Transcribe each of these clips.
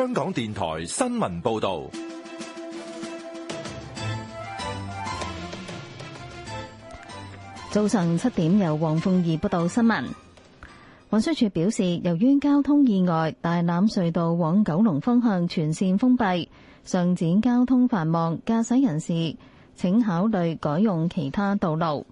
香港電台新聞報道，早晨七點由黃鳳儀報道新聞。運輸處表示，由於交通意外，大欖隧道往九龍方向全綫封閉，上展交通繁忙，駕駛人士請考慮改用其他道路。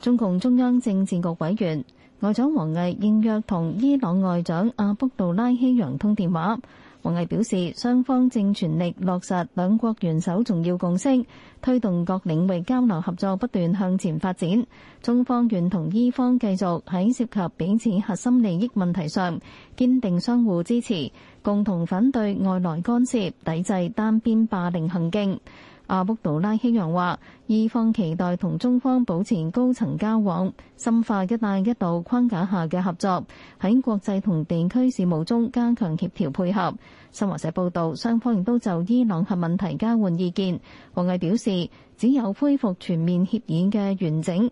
中共中央政治局委員、外長王毅應約同伊朗外長阿卜杜拉希揚通電話。王毅表示，雙方正全力落實兩國元首重要共識，推動各領域交流合作不斷向前發展。中方願同伊方繼續喺涉及彼此核心利益問題上堅定相互支持，共同反對外來干涉、抵制單邊霸凌行徑。阿卜杜拉希揚話，伊方期待同中方保持高層交往，深化一帶一路框架下嘅合作，喺國際同地區事務中加強協調配合。新華社報道，雙方亦都就伊朗核問題交換意見，王毅表示，只有恢復全面協議嘅完整、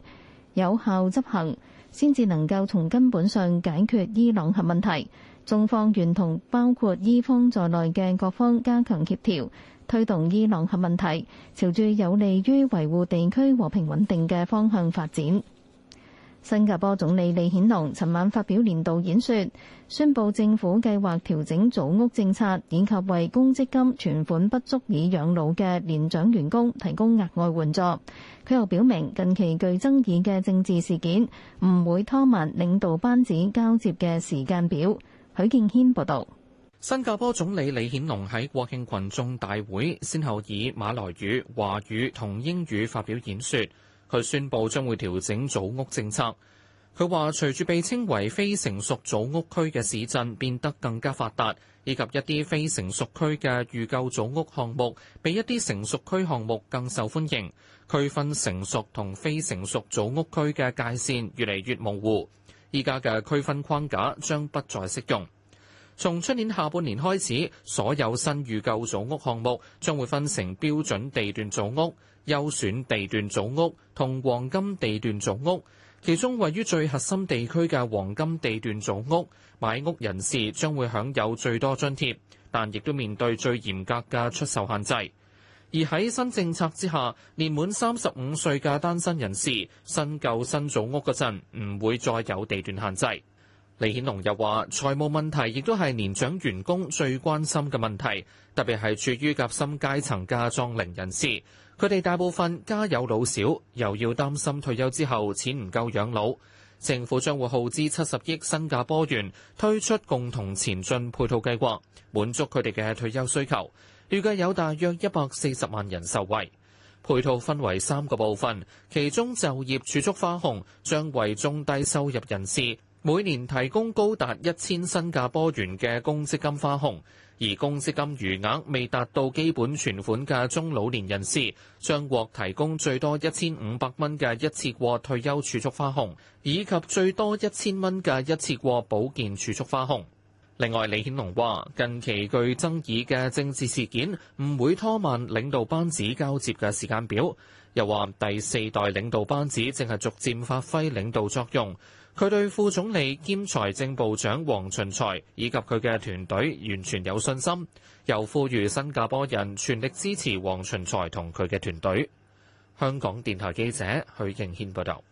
有效執行，先至能夠從根本上解決伊朗核問題。中方願同包括伊方在內嘅各方加強協調。推動伊朗核問題朝住有利於維護地區和平穩定嘅方向發展。新加坡總理李顯龍尋晚發表年度演說，宣布政府計劃調整組屋政策，以及為公積金存款不足以養老嘅年長員工提供額外援助。佢又表明，近期具爭議嘅政治事件唔會拖慢領導班子交接嘅時間表。許建軒報道。新加坡總理李顯龍喺國慶群眾大會，先後以馬來語、華語同英語發表演說。佢宣布將會調整組屋政策。佢話：隨住被稱為非成熟組屋區嘅市鎮變得更加發達，以及一啲非成熟區嘅預購組屋項目比一啲成熟區項目更受歡迎，區分成熟同非成熟組屋區嘅界線越嚟越模糊。依家嘅區分框架將不再適用。從出年下半年開始，所有新預購組屋項目將會分成標準地段組屋、優選地段組屋同黃金地段組屋。其中位於最核心地區嘅黃金地段組屋，買屋人士將會享有最多津貼，但亦都面對最嚴格嘅出售限制。而喺新政策之下，年滿三十五歲嘅單身人士新購新組屋嗰陣，唔會再有地段限制。李顯龍又話，財務問題亦都係年長員工最關心嘅問題，特別係處於夾心階層嘅壯齡人士。佢哋大部分家有老小，又要擔心退休之後錢唔夠養老。政府將會耗資七十億新加坡元推出共同前進配套計劃，滿足佢哋嘅退休需求。預計有大約一百四十萬人受惠。配套分為三個部分，其中就業儲蓄花紅將為中低收入人士。每年提供高達一千新加坡元嘅公積金花紅，而公積金餘額未達到基本存款嘅中老年人士將獲提供最多一千五百蚊嘅一次過退休儲蓄花紅，以及最多一千蚊嘅一次過保健儲蓄花紅。另外，李顯龍話，近期具爭議嘅政治事件唔會拖慢領導班子交接嘅時間表，又話第四代領導班子正係逐漸發揮領導作用。佢對副總理兼財政部長黃循財以及佢嘅團隊完全有信心，又呼籲新加坡人全力支持黃循財同佢嘅團隊。香港電台記者許敬軒報導。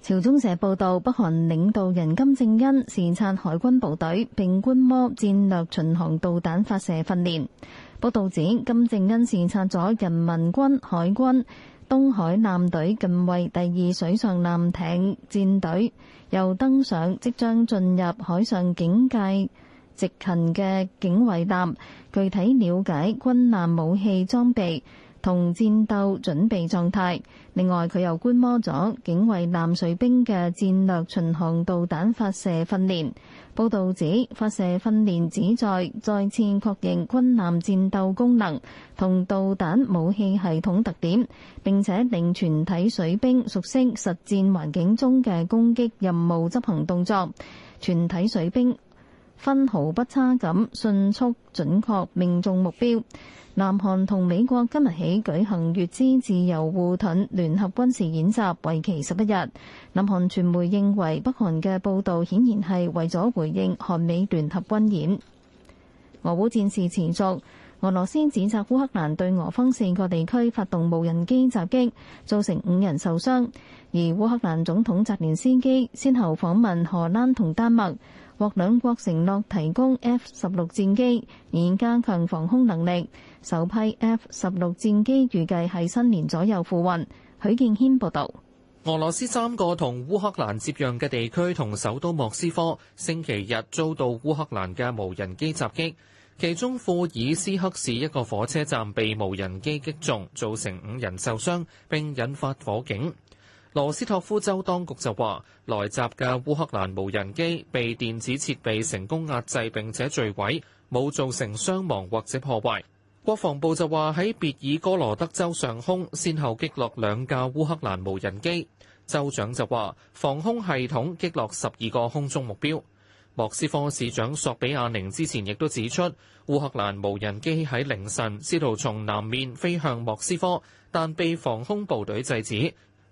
朝中社報道，北韓領導人金正恩視察海軍部隊並觀摩戰略巡航導彈發射訓練。報道指，金正恩視察咗人民軍海軍。東海艦隊近衛第二水上艦艇戰隊，又登上即將進入海上直警戒執勤嘅警衛艦，具體了解軍艦武器裝備。同戰鬥準備狀態。另外，佢又觀摩咗警衛艦水兵嘅戰略巡航導彈發射訓練。報導指，發射訓練旨在再次確認軍艦戰鬥功能同導彈武器系統特點，並且令全體水兵熟悉實戰環境中嘅攻擊任務執行動作。全體水兵分毫不差咁，迅速準確命中目標。南韓同美國今日起舉行乙支自由護盾聯合軍事演習，為期十一日。南韓傳媒認為北韓嘅報道顯然係為咗回應韓美聯合軍演。俄烏戰事持續，俄羅斯指責烏克蘭對俄方四個地區發動無人機襲擊，造成五人受傷。而烏克蘭總統澤連斯基先後訪問荷蘭同丹麥。獲兩國承諾提供 F 十六戰機，以加強防空能力。首批 F 十六戰機預計係新年左右付運。許建軒報導。俄羅斯三個同烏克蘭接壤嘅地區同首都莫斯科，星期日遭到烏克蘭嘅無人機襲擊。其中庫爾斯克市一個火車站被無人機擊中，造成五人受傷，並引發火警。羅斯托夫州當局就話，來襲嘅烏克蘭無人機被電子設備成功壓制，並且墜毀，冇造成傷亡或者破壞。國防部就話喺別爾哥羅德州上空，先後擊落兩架烏克蘭無人機。州長就話，防空系統擊落十二個空中目標。莫斯科市長索比亞寧之前亦都指出，烏克蘭無人機喺凌晨試圖從南面飛向莫斯科，但被防空部隊制止。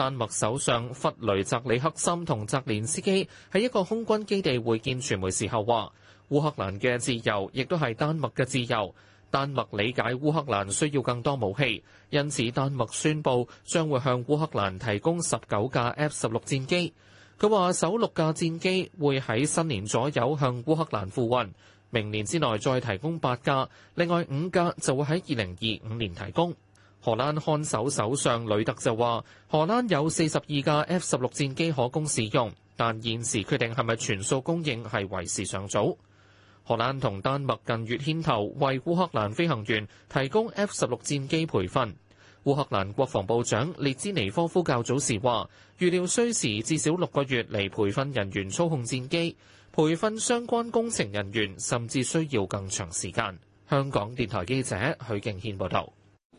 丹麥首相弗雷澤里克森同澤連斯基喺一個空軍基地會見傳媒時候話：烏克蘭嘅自由亦都係丹麥嘅自由。丹麥理解烏克蘭需要更多武器，因此丹麥宣布將會向烏克蘭提供十九架 F 十六戰機。佢話首六架戰機會喺新年左右向烏克蘭付運，明年之內再提供八架，另外五架就會喺二零二五年提供。荷蘭看守首相呂特就話：荷蘭有四十二架 F 十六戰機可供使用，但現時決定係咪全數供應係為時尚早。荷蘭同丹麥近月牽頭為烏克蘭飛行員提供 F 十六戰機培訓。烏克蘭國防部長列茲尼科夫較早時話：預料需時至少六個月嚟培訓人員操控戰機，培訓相關工程人員甚至需要更長時間。香港電台記者許敬軒報道。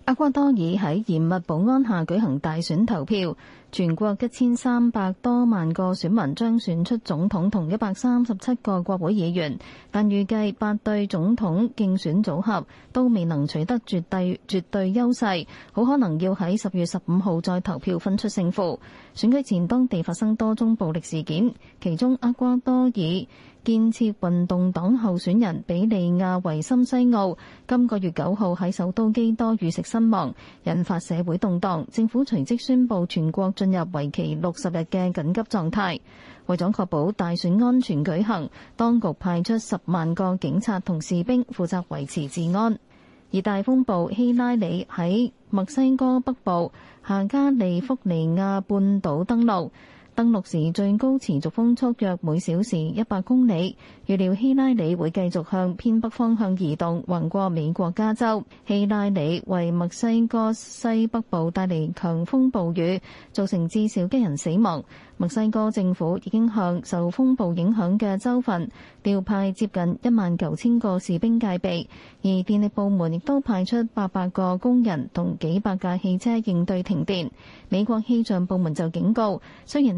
厄瓜多爾喺嚴密保安下舉行大選投票。全國一千三百多萬個選民將選出總統同一百三十七個國會議員，但預計八對總統競選組合都未能取得絕對絕對優勢，好可能要喺十月十五號再投票分出勝負。選舉前當地發生多宗暴力事件，其中厄瓜多爾建設運動黨候選人比利亞維森西奧今個月九號喺首都基多遇刺身亡，引發社會動盪，政府隨即宣布全國。進入為期六十日嘅緊急狀態，為咗確保大選安全舉行，當局派出十萬個警察同士兵負責維持治安。而大風暴希拉里喺墨西哥北部下加利福尼亞半島登陸。登陸時最高持續風速約每小時一百公里。預料希拉里會繼續向偏北方向移動，橫過美國加州。希拉里為墨西哥西北部帶嚟強風暴雨，造成至少一人死亡。墨西哥政府已經向受風暴影響嘅州份調派接近一萬九千個士兵戒備，而電力部門亦都派出八百個工人同幾百架汽車應對停電。美國氣象部門就警告，雖然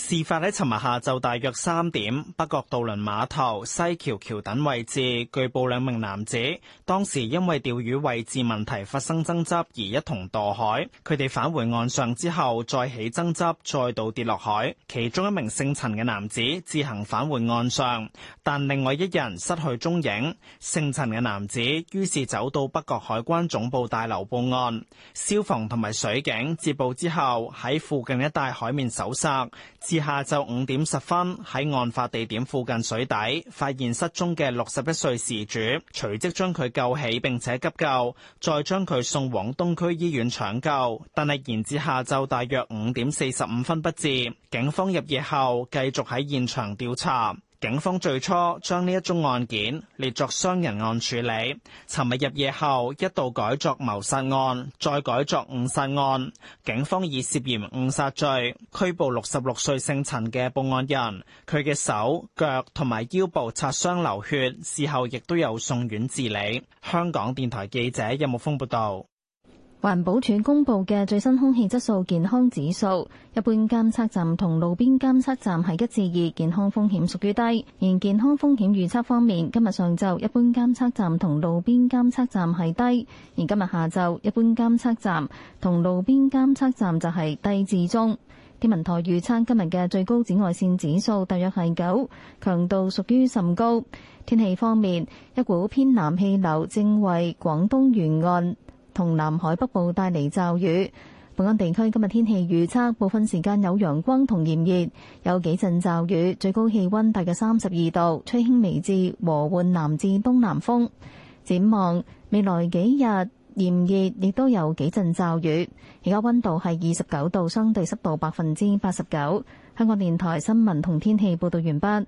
事發喺尋日下晝大約三點，北角渡輪碼頭西橋橋躉位置，據報兩名男子當時因為釣魚位置問題發生爭執而一同墮海。佢哋返回岸上之後再起爭執，再度跌落海。其中一名姓陳嘅男子自行返回岸上，但另外一人失去蹤影。姓陳嘅男子於是走到北角海關總部大樓報案，消防同埋水警接報之後喺附近一帶海面搜索。至下晝五點十分，喺案發地點附近水底發現失蹤嘅六十一歲事主，隨即將佢救起，並且急救，再將佢送往東區醫院搶救，但係延至下晝大約五點四十五分不治。警方入夜後繼續喺現場調查。警方最初將呢一宗案件列作傷人案處理，尋日入夜後一度改作謀殺案，再改作誤殺案。警方以涉嫌誤殺罪拘捕六十六歲姓陳嘅報案人，佢嘅手腳同埋腰部擦傷流血，事後亦都有送院治理。香港電台記者任木峯報導。環保署公布嘅最新空氣質素健康指數，一般監測站同路邊監測站係一至二，健康風險屬於低。而健康風險預測方面，今日上晝一般監測站同路邊監測站係低，而今日下晝一般監測站同路邊監測站就係低至中。天文台預測今日嘅最高紫外線指數大約係九，強度屬於甚高。天氣方面，一股偏南氣流正為廣東沿岸同南海北部帶嚟驟雨。本港地區今日天氣預測，部分時間有陽光同炎熱，有幾陣驟雨，最高氣溫大約三十二度，吹輕微至和緩南至東南風。展望未來幾日炎熱，亦都有幾陣驟雨。而家溫度係二十九度，相對濕度百分之八十九。香港電台新聞同天氣報道完畢。